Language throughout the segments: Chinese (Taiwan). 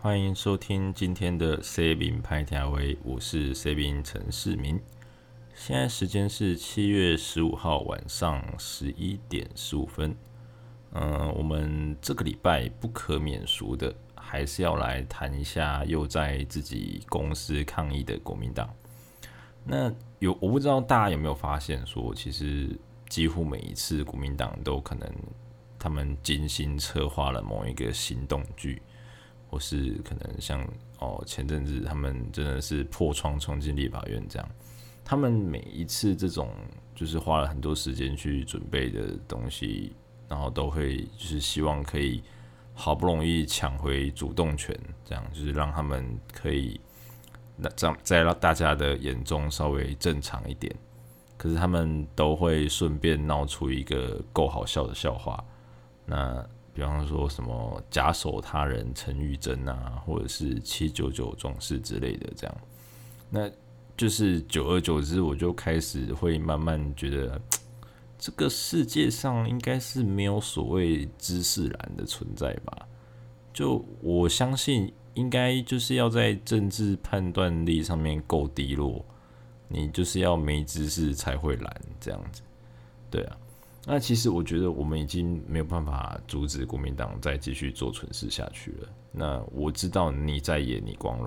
歡迎收聽今天的 C 民派 TV，我是 C 民陳世民。現在時間是七月十五號晚上十一點十五分。嗯、呃，我們這個禮拜不可免俗的，還是要來談一下又在自己公司抗議的國民黨。那有，我不知道大家有沒有發現說，說其實幾乎每一次國民黨都可能他們精心策劃了某一個行動劇。或是可能像哦，前陣子他們真的是破窗衝進立法院這樣，他們每一次這種就是花了很多時間去準備的東西，然後都會就是希望可以好不容易搶回主動權，這樣就是讓他們可以那這樣再讓大家的眼中稍微正常一點，可是他們都會順便鬧出一個夠好笑的笑話，那。比方說什麼假手他人陳玉珍啊，或者是七九九壯士之類的，這樣，那就是久而久之，我就開始會慢慢覺得，這個世界上應該是沒有所謂知識藍的存在吧？就我相信，應該就是要在政治判斷力上面夠低落，你就是要沒知識才會藍這樣子，對啊。那其實我覺得我們已經沒有辦法阻止國民黨再繼續做蠢事下去了。那我知道你在野你光榮，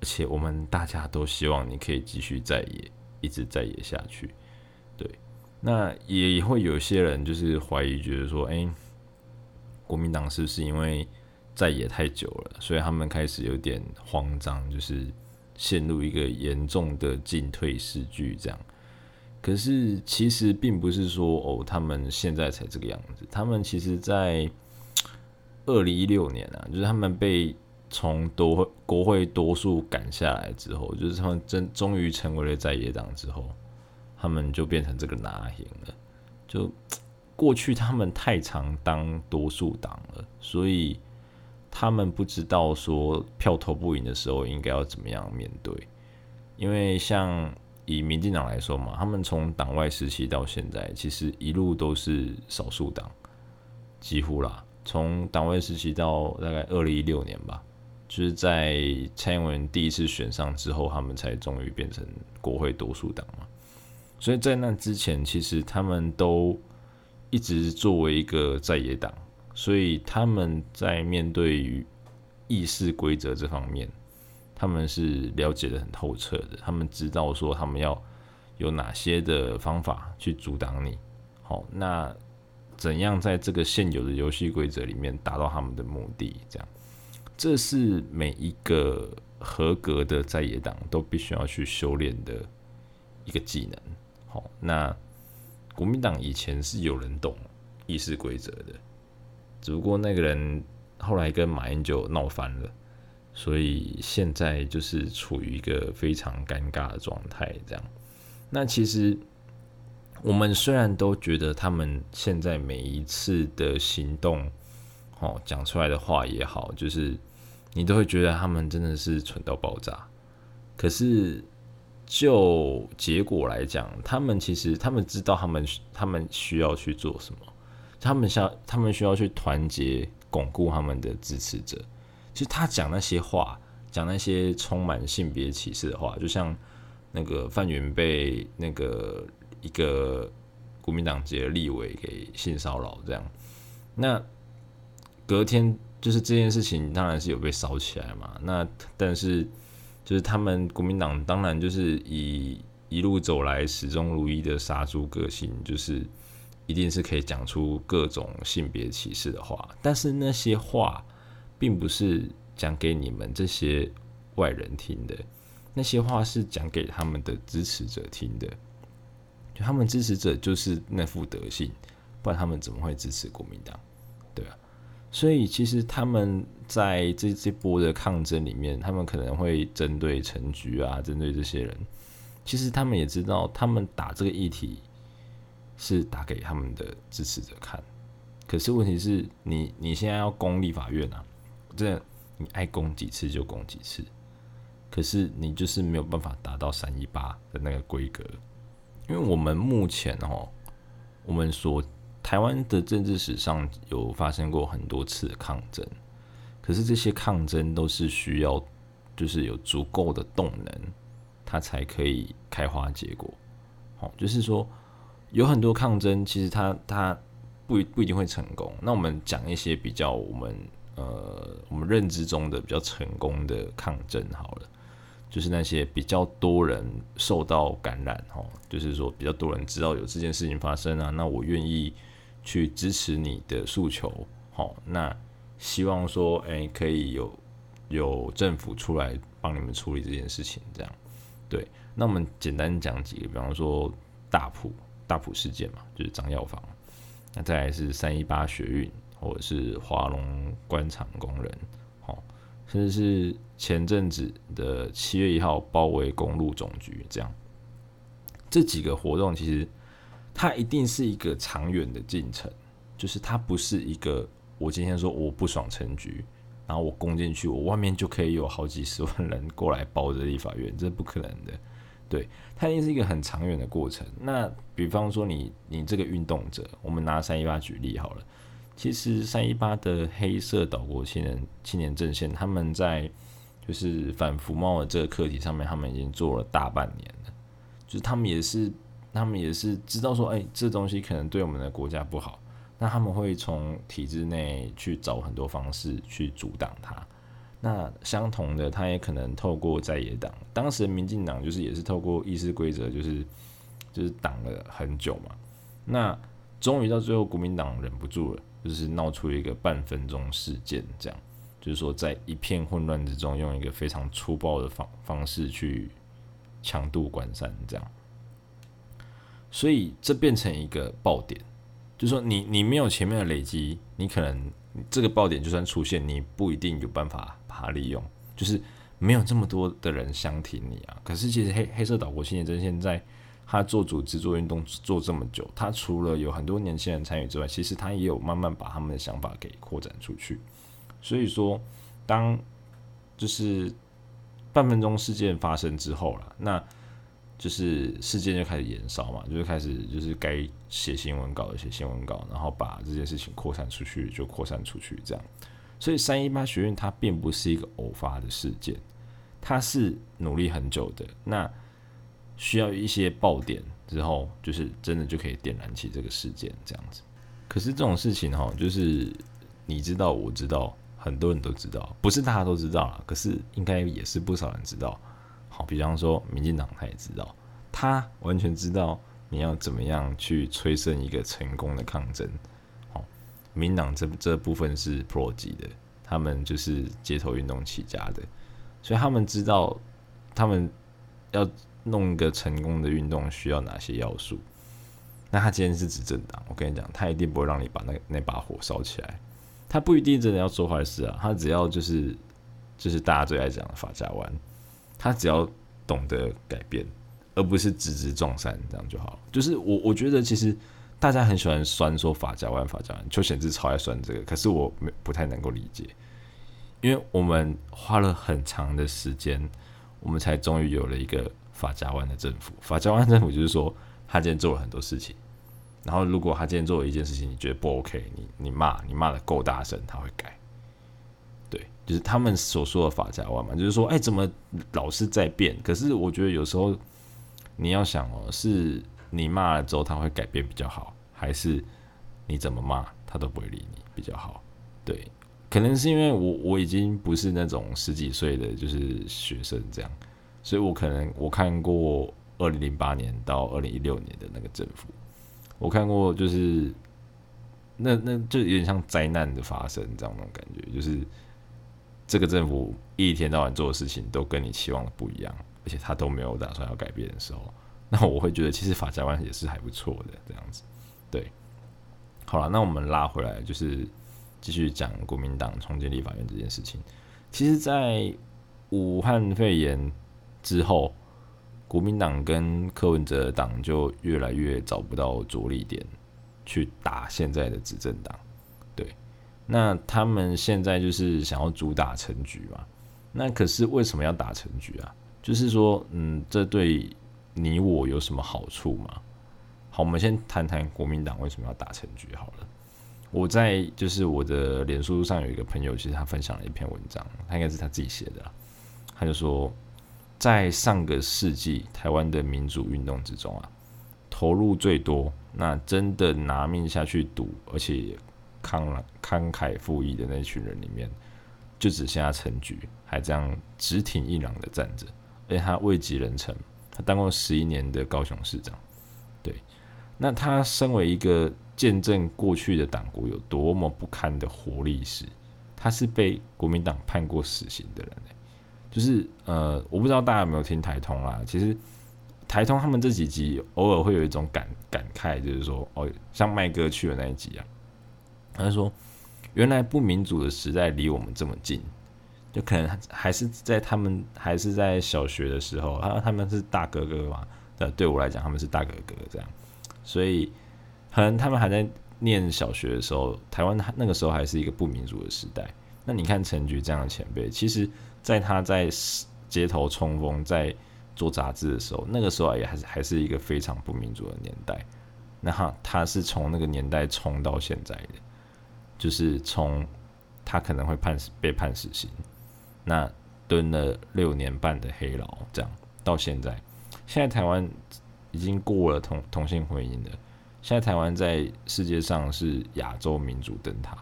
而且我們大家都希望你可以繼續在野，一直在野下去。對，那也會有一些人就是懷疑，覺得說，哎、欸，國民黨是不是因為在野太久了，所以他們開始有點慌張，就是陷入一個嚴重的進退失據這樣。可是其實並不是說哦，他們現在才這個樣子。他們其實在二零一六年啊，就是他們被從多國會多數趕下來之後，就是他們真終於成為了在野黨之後，他們就變成這個拿贏了。就過去他們太常當多數黨了，所以他們不知道說票投不贏的時候應該要怎麼樣面對，因為像。以民進黨來說嘛，他們從黨外時期到現在，其實一路都是少數黨，幾乎啦。從黨外時期到大概二零一六年吧，就是在蔡英文第一次選上之後，他們才終於變成國會多數黨嘛。所以在那之前，其實他們都一直作為一個在野黨，所以他們在面對於議事規則這方面，他們是了解的很透徹的，他們知道說他們要有哪些的方法去阻擋你。好、哦，那怎樣在這個現有的遊戲規則裡面達到他們的目的？這樣，這是每一個合格的在野黨都必須要去修煉的一個技能。好、哦，那國民黨以前是有人懂議事規則的，只不過那個人後來跟馬英九鬧翻了。所以現在就是處於一個非常尷尬的狀態，這樣。那其實我們雖然都覺得他們現在每一次的行動，哦，講出來的話也好，就是你都會覺得他們真的是蠢到爆炸。可是就結果來講，他們其實他們知道他們他們需要去做什麼，他們想他們需要去團結鞏固他們的支持者。就他講那些話，講那些充滿性別歧視的話，就像那個范雲被那個一個國民黨籍的立委給性騷擾這樣，那隔天就是這件事情當然是有被燒起來嘛。那但是就是他們國民黨當然就是以一路走來始終如一的沙豬個性，就是一定是可以講出各種性別歧視的話，但是那些話。並不是講給你們這些外人聽的，那些話是講給他們的支持者聽的。就他們支持者就是那副德性，不然他們怎麼會支持國民黨？對啊，所以其實他們在這這波的抗爭裡面，他們可能會針對陳菊啊，針對這些人。其實他們也知道，他們打這個議題是打給他們的支持者看。可是問題是你你現在要攻立法院啊。真的，你愛攻幾次就攻幾次，可是你就是沒有辦法達到三一八的那個規格，因為我們目前哦，我們所台灣的政治史上有發生過很多次抗爭，可是這些抗爭都是需要就是有足夠的動能，它才可以開花結果。哦，就是說有很多抗爭，其實它它不一不一定會成功。那我們講一些比較我們。呃，我們認知中的比較成功的抗爭好了，就是那些比較多人受到感染哈，就是說比較多人知道有這件事情發生啊，那我願意去支持你的訴求，好，那希望說，誒、欸，可以有有政府出來幫你們處理這件事情，這樣，對，那我們簡單講幾個，比方說大埔大埔事件嘛，就是張藥房，那再來是三一八學運。或者是華隆關廠工人，好，甚至是前陣子的七月一號包圍公路總局，這樣這幾個活動，其實它一定是一個長遠的進程，就是它不是一個我今天說我不爽總局，然後我攻進去，我外面就可以有好幾十萬人過來包著立法院，這是不可能的。對，它一定是一個很長遠的過程。那比方說你你這個運動者，我們拿三一八舉例好了。其實，三一八的黑色島國青年青年陣線，他們在就是反服貿的這個課題上面，他們已經做了大半年了。就是他們也是，他們也是知道說，哎，這東西可能對我們的國家不好，那他們會從體制內去找很多方式去阻擋它。那相同的，他也可能透過在野黨，當時的民進黨就是也是透過議事規則，就是，就是就是擋了很久嘛。那終於到最後，國民黨忍不住了。就是鬧出一個半分鐘事件，這樣，就是說在一片混亂之中，用一個非常粗暴的方方式，去強渡關山，這樣，所以這變成一個爆點，就是說你你沒有前面的累積，你可能你這個爆點就算出現，你不一定有辦法把它利用，就是沒有這麼多的人相挺你啊。可是其實黑黑色島國青年陣線在，他做組織做運動做這麼久，他除了有很多年輕人參與之外，其實他也有慢慢把他們的想法給擴展出去。所以說，當就是半分鐘事件發生之後了，那就是事件就開始延燒嘛，就是開始就是該寫新聞稿的寫新聞稿，然後把這件事情擴散出去就擴散出去這樣。所以三一八學運它並不是一個偶發的事件，它是努力很久的。那需要一些爆點之後，就是真的就可以點燃起這個事件這樣子。可是這種事情哈、喔，就是你知道，我知道，很多人都知道，不是大家都知道了，可是應該也是不少人知道。好，比方說民進黨他也知道，他完全知道你要怎麼樣去催生一個成功的抗爭。好，民黨這這部分是 pro 級的，他們就是街頭運動起家的，所以他們知道，他們要。弄一個成功的運動需要哪些要素？那他今天是執政黨，我跟你講，他一定不會讓你把那那把火燒起來。他不一定真的要做壞事啊，他只要就是就是大家最愛講的髮夾彎，他只要懂得改變，而不是直直撞山這樣就好。就是我我覺得其實大家很喜歡酸說髮夾彎，髮夾彎，邱顯智超愛酸這個，可是我沒不太能夠理解，因為我們花了很長的時間，我們才終於有了一個。法家彎的政府，法家彎政府就是說，他今天做了很多事情，然後如果他今天做了一件事情，你覺得不 OK，你你罵，你罵得夠大聲，他會改。對，就是他們所說的法家彎嘛，就是說，欸，怎麼老是在變？可是我覺得有時候你要想喔，是你罵了之後他會改變比較好，還是你怎麼罵他都不會理你比較好？對，可能是因為我我已經不是那種十幾歲的就是學生這樣。所以我可能我看過二零零八年到二零一六年的那個政府，我看過就是那那就有點像災難的發生這樣那種感覺，就是這個政府一天到晚做的事情都跟你期望不一樣，而且他都沒有打算要改變的時候，那我會覺得其實法家觀也是還不錯的這樣子。對，好了，那我們拉回來就是繼續講國民黨重建立法院這件事情。其實，在武漢肺炎。之後，國民黨跟柯文哲黨就越來越找不到着力點，去打現在的執政黨。對，那他們現在就是想要主打陳菊嘛？那可是為什麼要打陳菊啊？就是說，嗯，這對你我有什麼好處嗎？好，我們先談談國民黨為什麼要打陳菊好了。我在就是我的臉書上有一個朋友，其實他分享了一篇文章，他應該是他自己寫的啦，他就說。在上個世紀台灣的民主運動之中啊，投入最多、那真的拿命下去賭，而且慷慷慨赴義的那群人裡面，就只剩下陳菊還這樣直挺硬朗的站着，而且他位極人臣，他當過十一年的高雄市長。對，那他身為一個見證過去的黨國有多麼不堪的活歷史，他是被國民黨判過死刑的人，欸。就是呃，我不知道大家有沒有聽台通啦。其實台通他們這幾集偶爾會有一種感感慨，就是說哦，像麥哥去的那一集啊，他說原來不民主的時代離我們這麼近，就可能還是在他們還是在小學的時候，他他們是大哥哥嘛，對，對我來講他們是大哥哥這樣，所以可能他們還在念小學的時候，台灣那個時候還是一個不民主的時代。那你看陳菊這樣的前輩，其實。在他在街頭衝鋒，在做雜誌的時候，那個時候也還是還是一個非常不民主的年代。那哈，他是從那個年代衝到現在的，就是從他可能會判死被判死刑，那蹲了六年半的黑牢，這樣到現在，現在臺灣已經過了同同性婚姻了，現在臺灣在世界上是亞洲民主燈塔。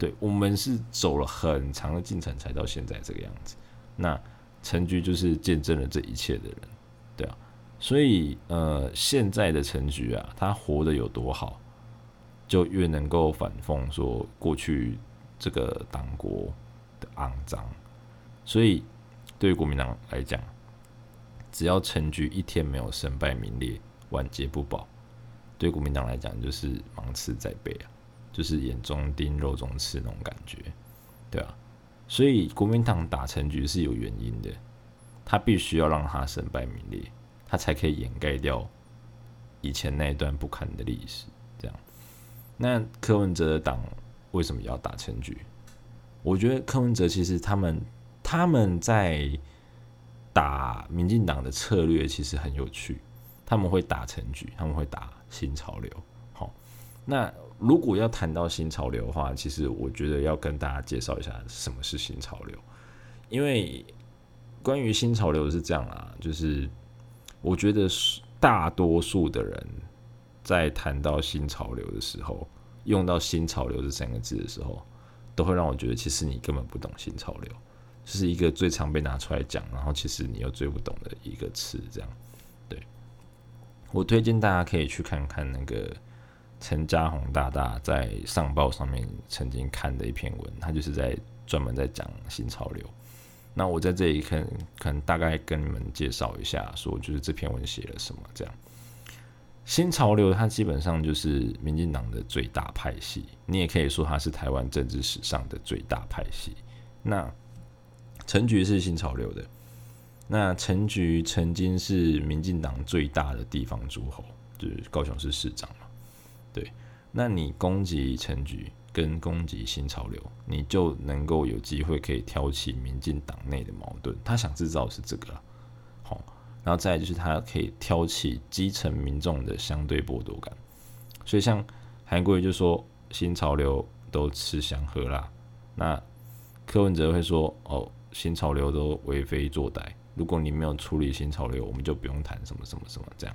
對我們是走了很長的進程才到現在這個樣子，那陳菊就是見證了這一切的人，對啊，所以呃現在的陳菊啊，他活得有多好，就越能夠反諷說過去這個黨國的骯髒，所以對於國民黨來講，只要陳菊一天沒有身敗名裂、晚節不保，對國民黨來講就是芒刺在背啊。就是眼中釘、肉中刺那種感覺，對啊，所以國民黨打陳菊是有原因的，他必須要讓他身敗名裂，他才可以掩蓋掉以前那一段不堪的歷史。這樣，那柯文哲的黨為什麼要打陳菊？我覺得柯文哲其實他們他們在打民進黨的策略其實很有趣，他們會打陳菊，他們會打新潮流。好，那。如果要談到新潮流的話，其實我覺得要跟大家介紹一下什麼是新潮流，因為關於新潮流是這樣啊，就是我覺得大多數的人在談到新潮流的時候，用到新潮流這三個字的時候，都會讓我覺得其實你根本不懂新潮流，就是一個最常被拿出來講，然後其實你又最不懂的一個詞，這樣。對，我推薦大家可以去看看那個。陳嘉宏大大在上報上面曾經看的一篇文，他就是在專門在講新潮流。那我在這裡可能、可能大概跟你們介紹一下，說就是這篇文寫了什麼。這樣。新潮流，它基本上就是民進黨的最大派系，你也可以說它是台灣政治史上的最大派系。那陳菊是新潮流的，那陳菊曾經是民進黨最大的地方諸侯，就是高雄市市長。對，那你攻擊陳菊跟攻擊新潮流，你就能夠有機會可以挑起民進黨內的矛盾。他想制造是這個、啊，好、哦，然後再來就是他可以挑起基層民眾的相對剝奪感。所以像韓國瑜就說新潮流都吃香喝辣，那柯文哲會說，哦，新潮流都為非作歹。如果你沒有處理新潮流，我們就不用談什麼什麼什麼這樣。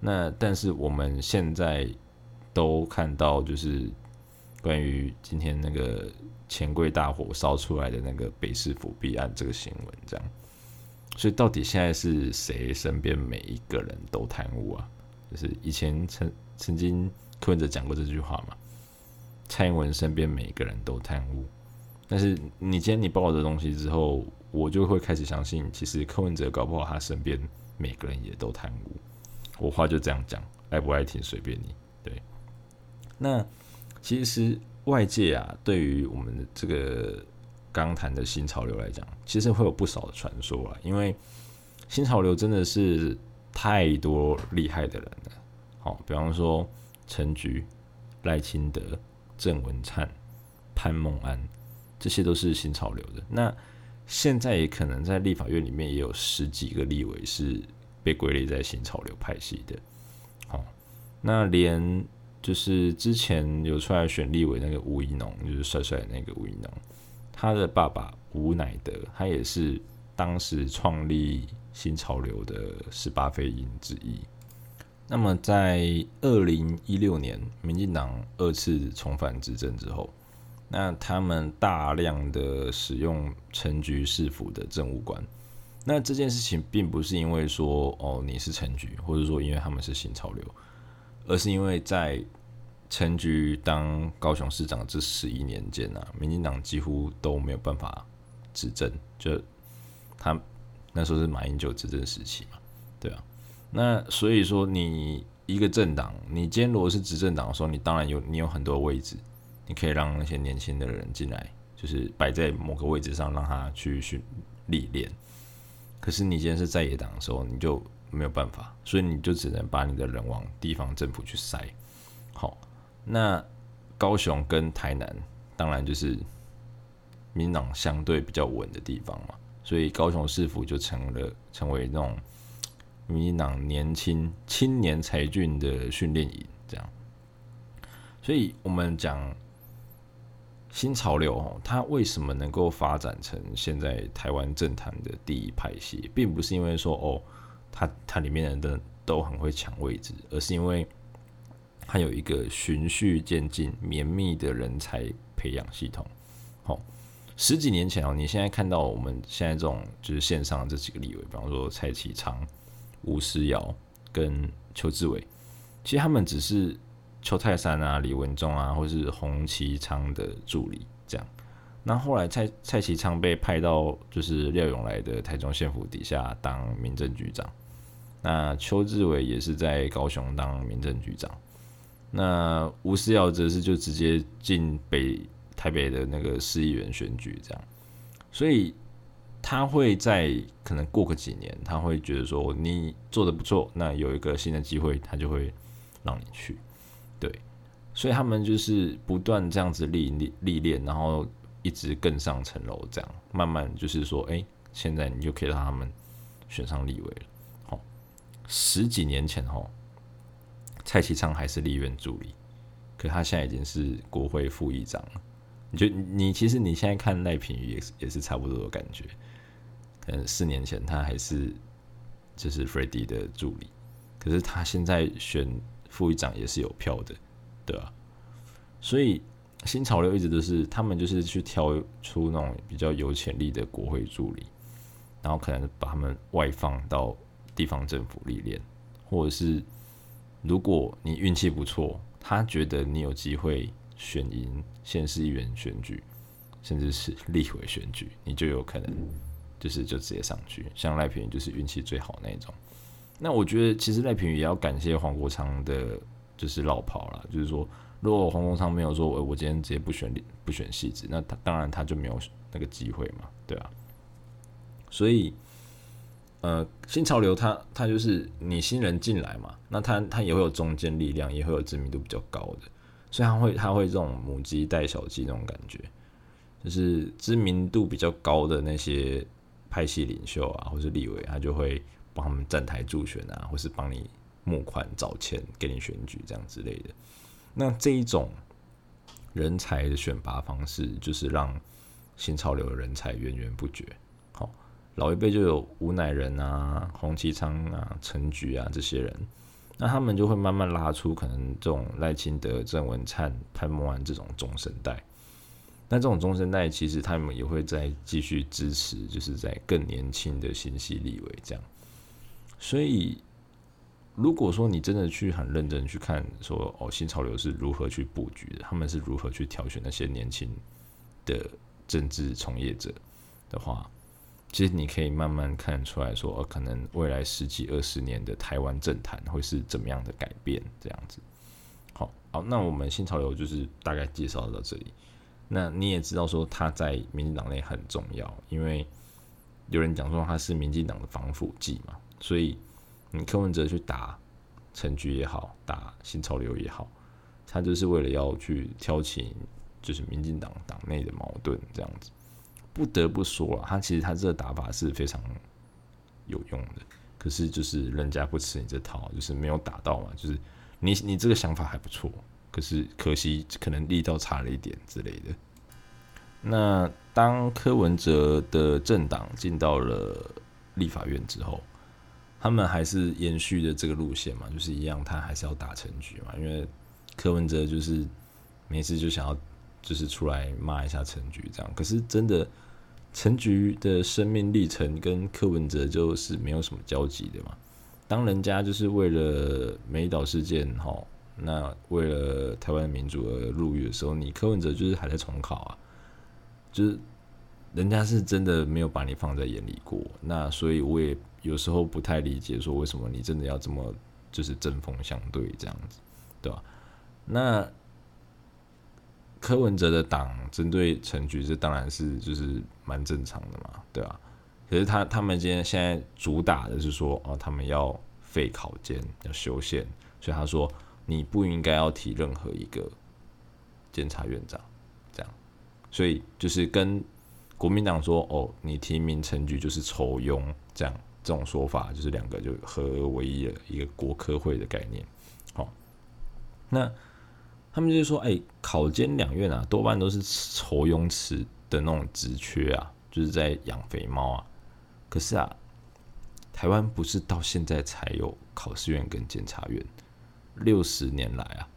那但是我們現在都看到，就是關於今天那個錢櫃大火燒出來的那個北市府弊案這個新聞，這樣。所以到底現在是誰身邊每一個人都貪污啊？就是以前曾曾經柯文哲講過這句話嘛？蔡英文身邊每一個人都貪污。但是你今天你報這東西之後，我就會開始相信，其實柯文哲搞不好他身邊每個人也都貪污。我話就這樣講，愛不愛聽隨便你。對，那其實外界啊，對於我們的這個剛談的新潮流來講，其實會有不少的傳說啊，因為新潮流真的是太多厲害的人了。好，比方說陳菊、賴清德、鄭文燦、潘孟安，這些都是新潮流的。那現在也可能在立法院裡面也有十幾個立委是。被歸類在新潮流派系的，好、哦，那連就是之前有出來選立委那個吳怡農，就是帥帥的那個吳怡農，他的爸爸吳乃德，他也是當時創立新潮流的十八飛鷹之一。那麼在二零一六年民進黨二次重返執政之後，那他們大量的使用陳菊市府的政務官。那這件事情並不是因為說哦，你是陳菊，或者說因為他們是新潮流，而是因為在陳菊當高雄市長這十一年間呢、啊，民進黨幾乎都沒有辦法執政，就他那時候是馬英九執政時期嘛，對啊，那所以說你一個政黨，你今天如果是執政黨的時候，你當然有你有很多位置，你可以讓那些年輕的人進來，就是擺在某個位置上，讓他去去歷練。可是你今天是在野黨的時候，你就沒有辦法，所以你就只能把你的人往地方政府去塞。好、哦，那高雄跟台南當然就是民進黨相對比較穩的地方嘛，所以高雄市府就成了成為那種民進黨年輕青年才俊的訓練營，這樣。所以我們講。新潮流哦，它為什麼能夠發展成現在台灣政坛的第一派系，并不是因為說哦，它它裡面的人都很會搶位置，而是因為它有一個循序漸進、綿密的人才培養系統。好、哦，十幾年前哦，你現在看到我們現在這種就是線上的這幾個立委，比方說蔡其昌、吳思瑤跟邱志偉，其實他們只是。邱泰山啊，李文忠啊，或是洪奇昌的助理這樣。那後來蔡蔡其昌被派到就是廖永來的台中縣府底下當民政局長。那邱志偉也是在高雄當民政局長。那吳思瑤則是就直接進北台北的那個市議員選舉這樣。所以他會在可能過個幾年，他會覺得說你做得不錯，那有一個新的機會，他就會讓你去。所以他們就是不斷這樣子歷歷歷練，然後一直更上層樓，這樣慢慢就是說，哎、欸，現在你就可以讓他們選上立委了。哦，十幾年前，哦。蔡其昌還是立院助理，可他現在已經是國會副議長了。你覺得你其實你現在看賴品妤也是也是差不多的感覺。嗯，四年前他還是就是 Freddy 的助理，可是他現在選副議長也是有票的。對啊，所以新潮流一直都是他們，就是去挑出那種比較有潛力的國會助理，然後可能把他們外放到地方政府歷練，或者是如果你運氣不錯，他覺得你有機會選贏縣市議員選舉，甚至是立委選舉，你就有可能就是就直接上去。像賴品妤就是運氣最好那種。那我覺得其實賴品妤也要感謝黃國昌的。就是落跑了，就是說，如果洪榮昌沒有說，欸，我今天直接不選不選戲子，那他當然他就沒有那個機會嘛，對吧，啊？所以，呃，新潮流他他就是你新人進來嘛，那他他也會有中間力量，也會有知名度比較高的，所以他會他會這種母雞帶小雞那種感覺，就是知名度比較高的那些派系領袖啊，或是立委，他就會幫他們站台助選啊，或是幫你。募款找錢給你選舉這樣之類的，那這一種人才的選拔方式，就是讓新潮流的人才源源不絕。好、哦，老一輩就有吳乃仁啊、洪其昌啊、陳菊啊這些人，那他們就會慢慢拉出可能這種賴清德、鄭文燦、潘孟安這種中生代。那這種中生代其實他們也會再繼續支持，就是在更年輕的新系立委這樣，所以。如果說你真的去很認真去看說，說哦，新潮流是如何去布局的，他們是如何去挑選那些年輕的政治從業者的話，其實你可以慢慢看出來說，哦，可能未來十幾二十年的台灣政壇會是怎麼樣的改變，這樣子。好，好，那我們新潮流就是大概介紹到這裡。那你也知道說他在民進黨內很重要，因為有人講說他是民進黨的防腐劑嘛，所以。你柯文哲去打陳菊也好，打新潮流也好，他就是為了要去挑起就是民進黨黨內的矛盾這樣子。不得不說啊，他其實他這個打法是非常有用的，可是就是人家不吃你這套，就是沒有打到嘛。就是你你這個想法還不錯，可是可惜可能力道差了一點之類的。那當柯文哲的政黨進到了立法院之後。他們還是延續的這個路線嘛，就是一樣，他還是要打陳菊嘛。因為柯文哲就是每次就想要就是出來罵一下陳菊這樣。可是真的，陳菊的生命歷程跟柯文哲就是沒有什麼交集的嘛。當人家就是為了美麗島事件吼，那為了台灣民主而入獄的時候，你柯文哲就是還在重考啊，就是人家是真的沒有把你放在眼裡過。那所以我也。有時候不太理解，說為什麼你真的要這麼就是針鋒相對這樣子，對吧、啊？那柯文哲的黨針對陳菊，這當然是就是蠻正常的嘛，對吧、啊？可是他他們今天現在主打的是說，哦、啊，他們要廢考監，要修憲，所以他說你不應該要提任何一個監察院長這樣，所以就是跟國民黨說，哦，你提名陳菊就是酬庸這樣。這種說法就是兩個就和唯一的一個國科會的概念，哦、那他們就說，哎、欸，考監兩院啊，多半都是抽佣池的那種職缺啊，就是在養肥貓啊。可是啊，台灣不是到現在才有考試院跟檢察院，六十年來啊，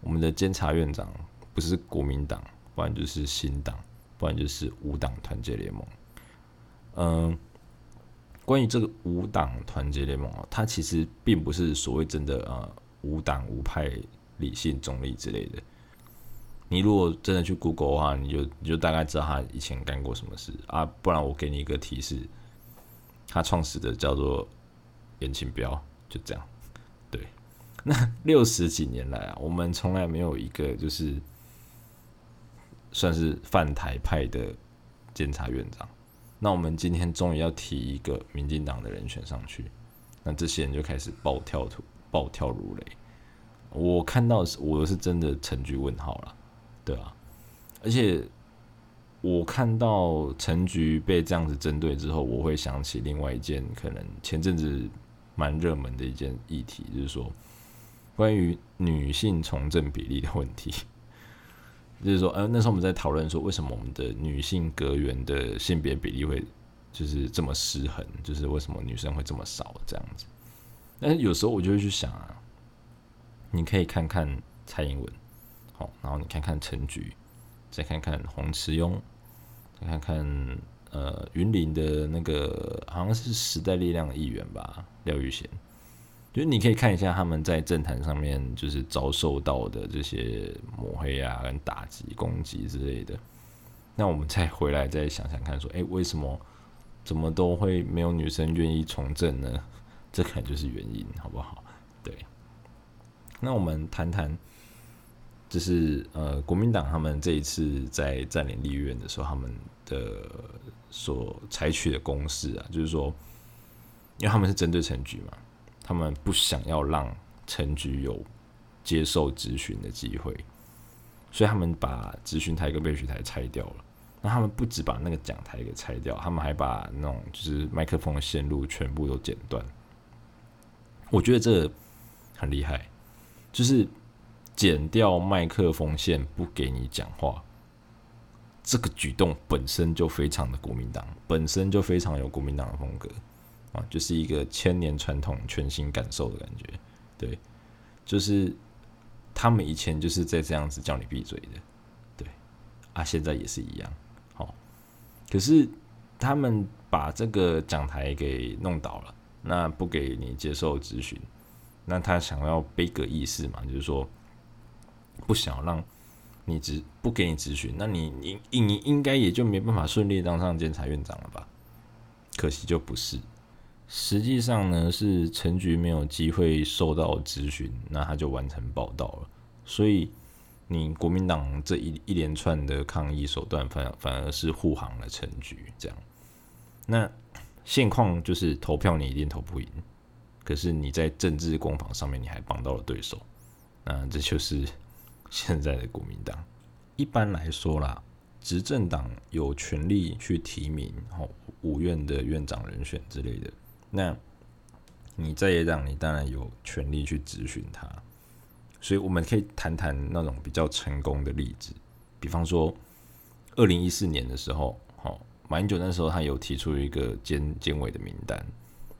我們的監察院長不是國民黨，不然就是新黨，不然就是五黨團結聯盟，嗯。關於這個無黨團結聯盟啊，它其實並不是所謂真的呃無黨無派理性中立之類的。你如果真的去 Google 的話，你就你就大概知道他以前幹過什麼事啊。不然我給你一個提示，他創始的叫做顏清標，就這樣。對，那六十幾年來啊，我們從來沒有一個就是算是泛台派的監察院長。那我們今天終於要提一個民進黨的人選上去，那這些人就開始暴跳如暴跳如雷。我看到我是真的陳菊問號了，對啊，而且我看到陳菊被這樣子針對之後，我會想起另外一件可能前陣子蠻熱門的一件議題，就是說，關於女性從政比例的問題。就是說，呃，那時候我們在討論說，為什麼我們的女性閣員的性別比例會就是這麼失衡？就是為什麼女生會這麼少這樣子？但是有時候我就會去想啊，你可以看看蔡英文，好、哦，然後你看看陳菊，再看看洪慈庸，再看看呃雲林的那個好像是時代力量的議員吧，廖鬱賢。就是你可以看一下他們在政壇上面就是遭受到的這些抹黑啊、跟打擊、攻擊之類的。那我們再回來再想想看說，說、欸、誒，為什麼怎麼都會沒有女生願意從政呢？這可能就是原因，好不好？對。那我們談談，就是呃，國民黨他們這一次在佔領立院的時候，他們的所採取的攻勢啊，就是說，因為他們是針對陳菊嘛。他們不想要讓陳菊有接受質詢的機會，所以他們把質詢台跟備詢台拆掉了。那他們不止把那個講台給拆掉，他們還把那種就是麥克風的線路全部都剪斷。我覺得這很厲害，就是剪掉麥克風線不給你講話，這個舉動本身就非常的國民黨，本身就非常有國民黨的風格。啊，就是一個千年傳統全新感受的感覺，對，就是他們以前就是在這樣子叫你閉嘴的，對，啊，現在也是一樣，哦，可是他們把這個講台給弄倒了，那不給你接受質詢，那他想要杯葛議事嘛，就是說不想讓你質不給你質詢，那你你，你，你應該也就沒辦法順利當上監察院長了吧？可惜就不是。實際上呢，是陳菊沒有機會收到質詢，那他就完成報到了。所以你國民黨這一一連串的抗議手段反，反反而是護航了陳菊這樣。那現況就是投票你一定投不贏，可是你在政治攻防上面你還幫到了對手。那這就是現在的國民黨。一般來說啦，執政黨有權利去提名五院的院長人選之類的。那你在野黨，你當然有權利去質詢他。所以我們可以談談那種比較成功的例子，比方說二零一四年的時候，馬英九那時候他有提出一個監監委的名單，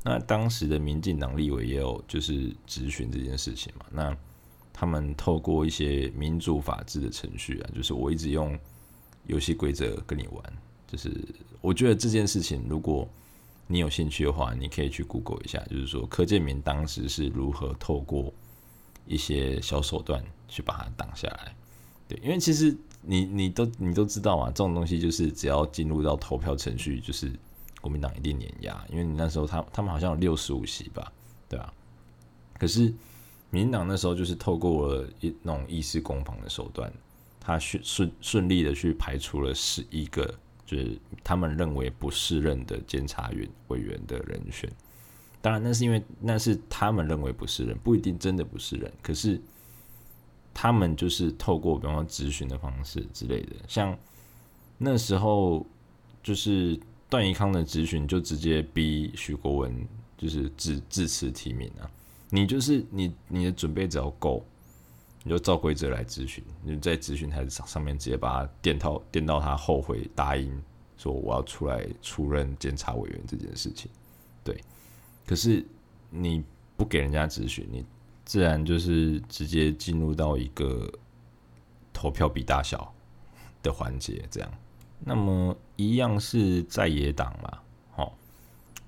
那當時的民進黨立委也有就是質詢這件事情嘛，那他們透過一些民主法治的程序啊，就是我一直用遊戲規則跟你玩，就是我覺得這件事情如果。你有興趣的話，你可以去 Google 一下，就是說柯建銘當時是如何透過一些小手段去把它擋下來。對，因為其實你你都你都知道嘛，這種東西就是只要進入到投票程序，就是國民黨一定碾壓，因為你那時候他他們好像有六十五席吧，對吧、啊？可是民進黨那時候就是透過了一那種議事攻防的手段他，他順順順利的去排除了十一個。就是他們認為不適任的監察院委員的人選，當然那是因為那是他們認為不適任，不一定真的不適任，可是他們就是透過比方說質詢的方式之類的，像那時候就是段宜康的質詢就直接逼許國文就是自自辭提名啊，你就是你你的準備只要夠。你就照規則來質詢，你在質詢台上面直接把他電到電到他後悔答應說，我要出來出任監察委員這件事情，對。可是你不給人家質詢，你自然就是直接進入到一個投票比大小的環節這樣。那麼一樣是在野黨嘛。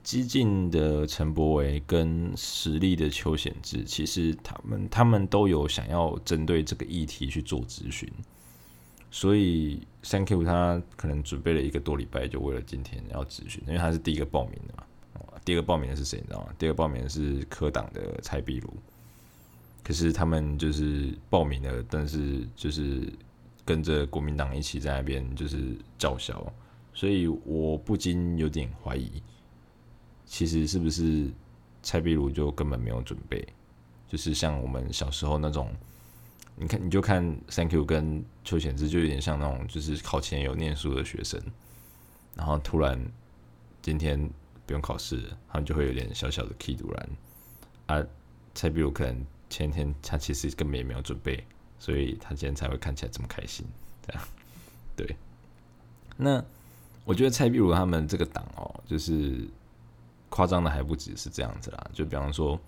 激進的陳柏惟跟時力的邱顯智，其實他們他們都有想要針對這個議題去做質詢，所以三 Q 他可能準備了一個多禮拜，就為了今天要質詢，因為他是第一個報名的嘛、哦。第二個報名的是誰？你知道嗎？第二個報名的是柯黨的蔡壁如，可是他們就是報名了，但是就是跟着國民黨一起在那邊就是叫囂，所以我不禁有點懷疑。其實是不是蔡壁如就根本沒有準備？就是像我們小時候那種，你看你就看 3Q 跟邱顯智，就有點像那種，就是考前有念書的學生，然後突然今天不用考試，他們就會有點小小的起賭爛。啊，蔡壁如可能前一天他其實根本也沒有準備，所以他今天才會看起來這麼開心，這樣對。那我覺得蔡壁如他們這個黨哦、喔，就是。誇張的還不止是這樣子啦，就比方說，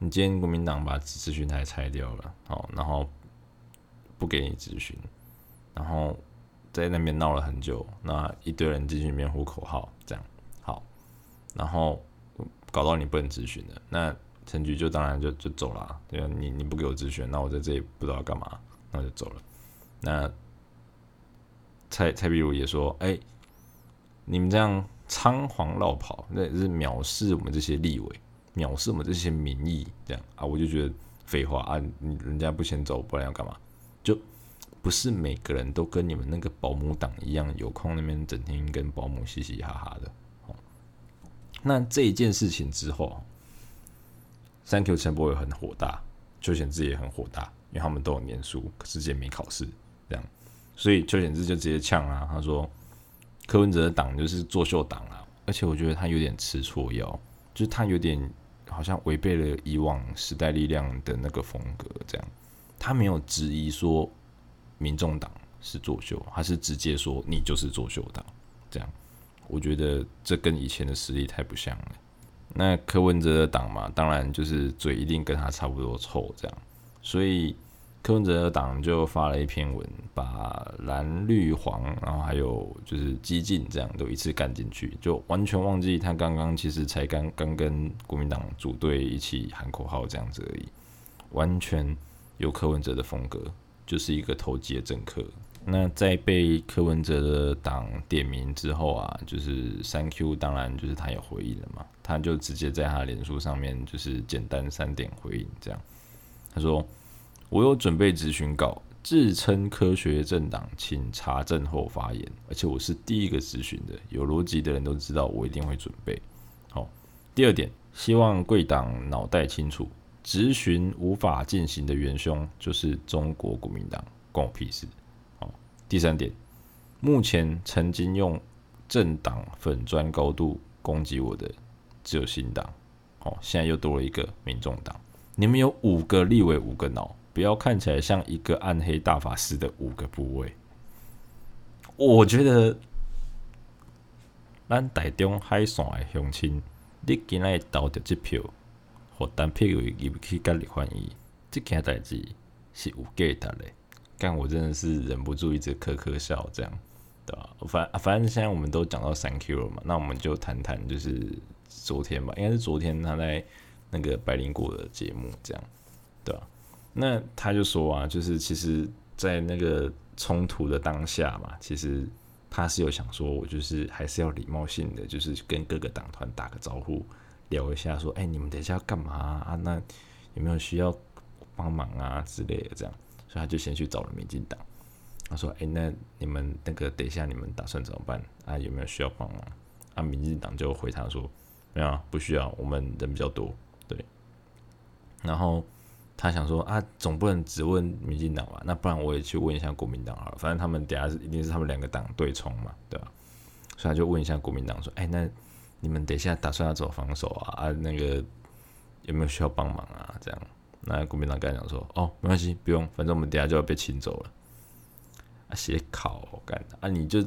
你今天國民黨把質詢臺拆掉了，好，然後不給你質詢，然後在那邊鬧了很久，那一堆人進去裡面呼口號，這樣好，然後搞到你不能質詢的，那陳菊就當然就就走了，對啊，你你不給我質詢，那我在這裡不知道要幹嘛，那我就走了。那蔡蔡壁如也說，哎、欸，你們這樣。倉皇落跑，那也、就是藐視我們這些立委，藐視我們這些民意，這樣啊，我就覺得廢話啊，你人家不先走，不然要幹嘛？就不是每個人都跟你們那個保姆黨一樣，有空那邊整天跟保姆嘻嘻哈哈的。哦、那這一件事情之後，3Q，陳柏惟很火大，邱顯智也很火大，因為他們都有念書，可是今天沒考試，這樣，所以邱顯智就直接嗆啊，他說。柯文哲的黨就是作秀黨啊，而且我覺得他有點吃錯藥，就是他有點好像違背了以往時代力量的那個風格，這樣，他沒有質疑說民眾黨是作秀，他是直接說你就是作秀黨，這樣我覺得這跟以前的實力太不像了。那柯文哲的黨嘛，當然就是嘴一定跟他差不多臭這樣，所以。柯文哲的黨就發了一篇文，把藍綠黃，然後還有就是基進這樣都一次幹進去，就完全忘記他剛剛其實才剛剛跟國民黨組隊一起喊口號這樣子而已，完全有柯文哲的風格，就是一個投機的政客。那在被柯文哲的黨點名之後啊，就是三 Q，當然就是他有回應了嘛，他就直接在他臉書上面就是簡單三點回應這樣，他說。我有準備質詢稿，自稱科學政黨，請查證後發言。而且我是第一個質詢的，有邏輯的人都知道我一定會準備。好，第二點，希望貴黨腦袋清楚，質詢無法進行的元兇就是中國國民黨，關我屁事。好，第三點，目前曾經用政黨粉專高度攻擊我的只有新黨，好，現在又多了一個民眾黨，你們有五個立委，五個腦。不要看起來像一個暗黑大法師的五個部位。我覺得，咱台中海線的鄉親，你今仔會投到這票，或單批你入去隔離翻譯，這件代志是有價值的。但，我真的是忍不住一直咳咳笑這樣，對、啊、反反正現在我們都講到三 Q 了嘛，那我們就談談，就是昨天吧，應該是昨天他在那個百靈果的節目這樣。那他就說啊，就是其實，在那個衝突的當下嘛，其實他是有想說，我就是還是要禮貌性的，就是跟各個黨團打個招呼，聊一下，說，哎，你們等一下要幹嘛啊？啊？那有沒有需要幫忙啊之類的這樣？所以他就先去找了民進黨，他說，哎，那你們那個等一下你們打算怎麼辦啊？有沒有需要幫忙？啊，民進黨就回他說，沒有啊，不需要，我們人比較多，對，然後。他想說啊，總不能只問民進黨吧？那不然我也去問一下國民黨好了，反正他們等一下一定是他們兩個黨對衝嘛，對吧、啊？所以他就問一下國民黨說：“哎、欸，那你們等一下打算要走防守啊？啊，那個有沒有需要幫忙啊？這樣。”那國民黨跟他講說：“哦，沒關係，不用，反正我們等下就要被清走了。”啊，寫靠，幹啊，你就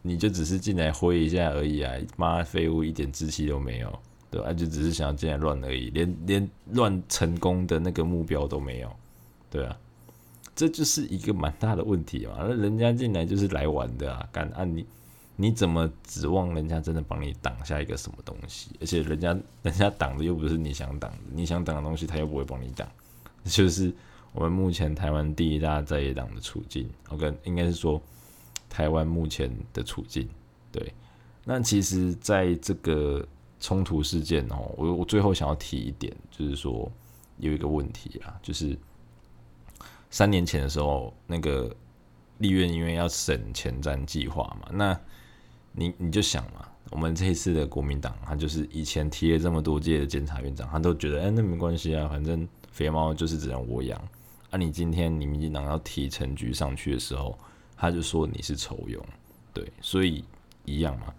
你就只是進來揮一下而已啊！媽，廢物，一點志氣都沒有。對啊，就只是想要進來亂而已，連連亂成功的那個目標都沒有，對啊，這就是一個蠻大的問題嘛。那人家進來就是來玩的啊，幹啊，你你怎麼指望人家真的幫你擋下一個什麼東西？而且人家人家擋的又不是你想擋的，你想擋的東西他又不會幫你擋，就是我們目前台灣第一大在野黨的處境。我跟應該是說台灣目前的處境。對，那其實在這個。衝突事件哦，我我最後想要提一點，就是說有一個問題啊，就是三年前的時候，那個立院因為要審前瞻計劃嘛，那你你就想嘛，我們這一次的國民黨，他就是以前提了這麼多屆的監察院長，他都覺得哎，那沒關係啊，反正肥貓就是只能我養。啊，你今天你民進黨要提陳菊上去的時候，他就說你是酬庸，對，所以一樣嘛。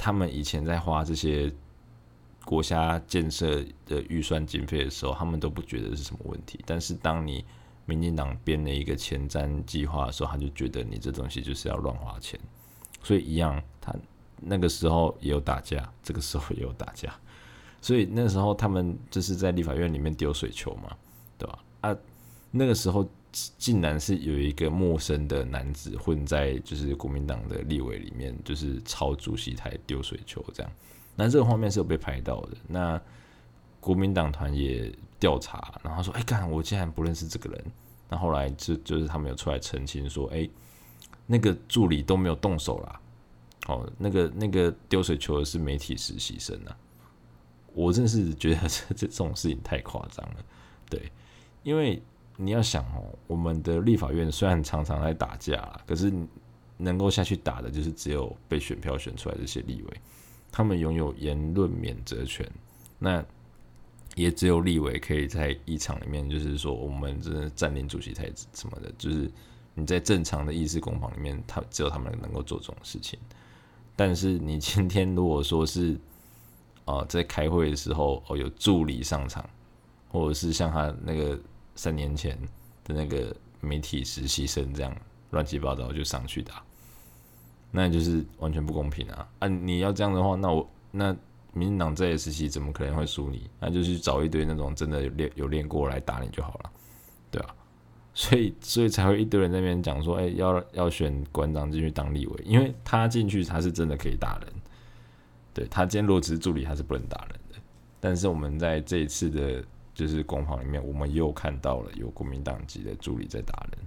他們以前在花這些國家建設的預算經費的時候，他們都不覺得是什麼問題。但是，當你民進黨編了一個前瞻計劃的時候，他就覺得你這東西就是要亂花錢。所以，一樣，他那個時候也有打架，這個時候也有打架。所以那時候他們就是在立法院裡面丟水球嘛，對吧？啊，那個時候。竟然是有一個陌生的男子混在就是國民黨的立委裡面，就是超主席台丟水球這樣。那這個畫面是有被拍到的。那國民黨團也調查，然後說：“哎、欸，幹，我竟然不認識這個人。”那後，後來就就是他們有出來澄清說：“哎、欸，那個助理都沒有動手啦。哦，那個那個丟水球的是媒體實習生啊。”我真是覺得這這種事情太誇張了，對，因為。你要想哦，我們的立法院雖然常常在打架啊，可是能夠下去打的，就是只有被選票選出來的這些立委，他們擁有言論免責權。那也只有立委可以在議場裡面，就是說我們真的占領主席台什麼的，就是你在正常的議事攻防裡面，他只有他們能夠做這種事情。但是你今天如果說是啊、呃，在開會的時候哦、呃，有助理上場，或者是像他那個。三年前的那個媒體實習生，這樣亂七八糟就上去打，那就是完全不公平啊！啊，你要這樣的話，那我那民進黨這些實習怎麼可能會輸你？那就去找一堆那種真的有練有練過來打你就好了，對啊。所以，所以才會一堆人在那邊講說，哎、欸，要要選館長進去當立委，因為他進去他是真的可以打人。對，他今天若是助理，他是不能打人的。但是我們在這一次的。就是工坊裡面，我們又看到了有國民黨籍的助理在打人，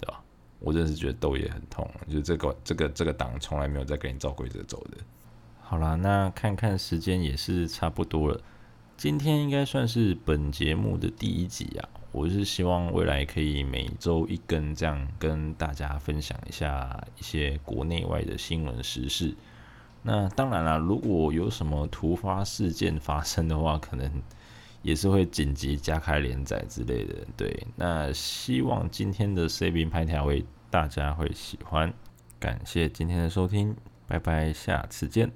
對吧？我真是覺得鬥也很痛，就是這個這個這個黨從來沒有再跟你照規則走的。好了，那看看時間也是差不多了，今天應該算是本節目的第一集啊。我是希望未來可以每週一更這樣跟大家分享一下一些國內外的新聞時事。那當然了，如果有什麼突發事件發生的話，可能。也是會緊急加開連載之類的，對，那希望今天的 C B 拍條會大家會喜歡，感謝今天的收聽，拜拜，下次見。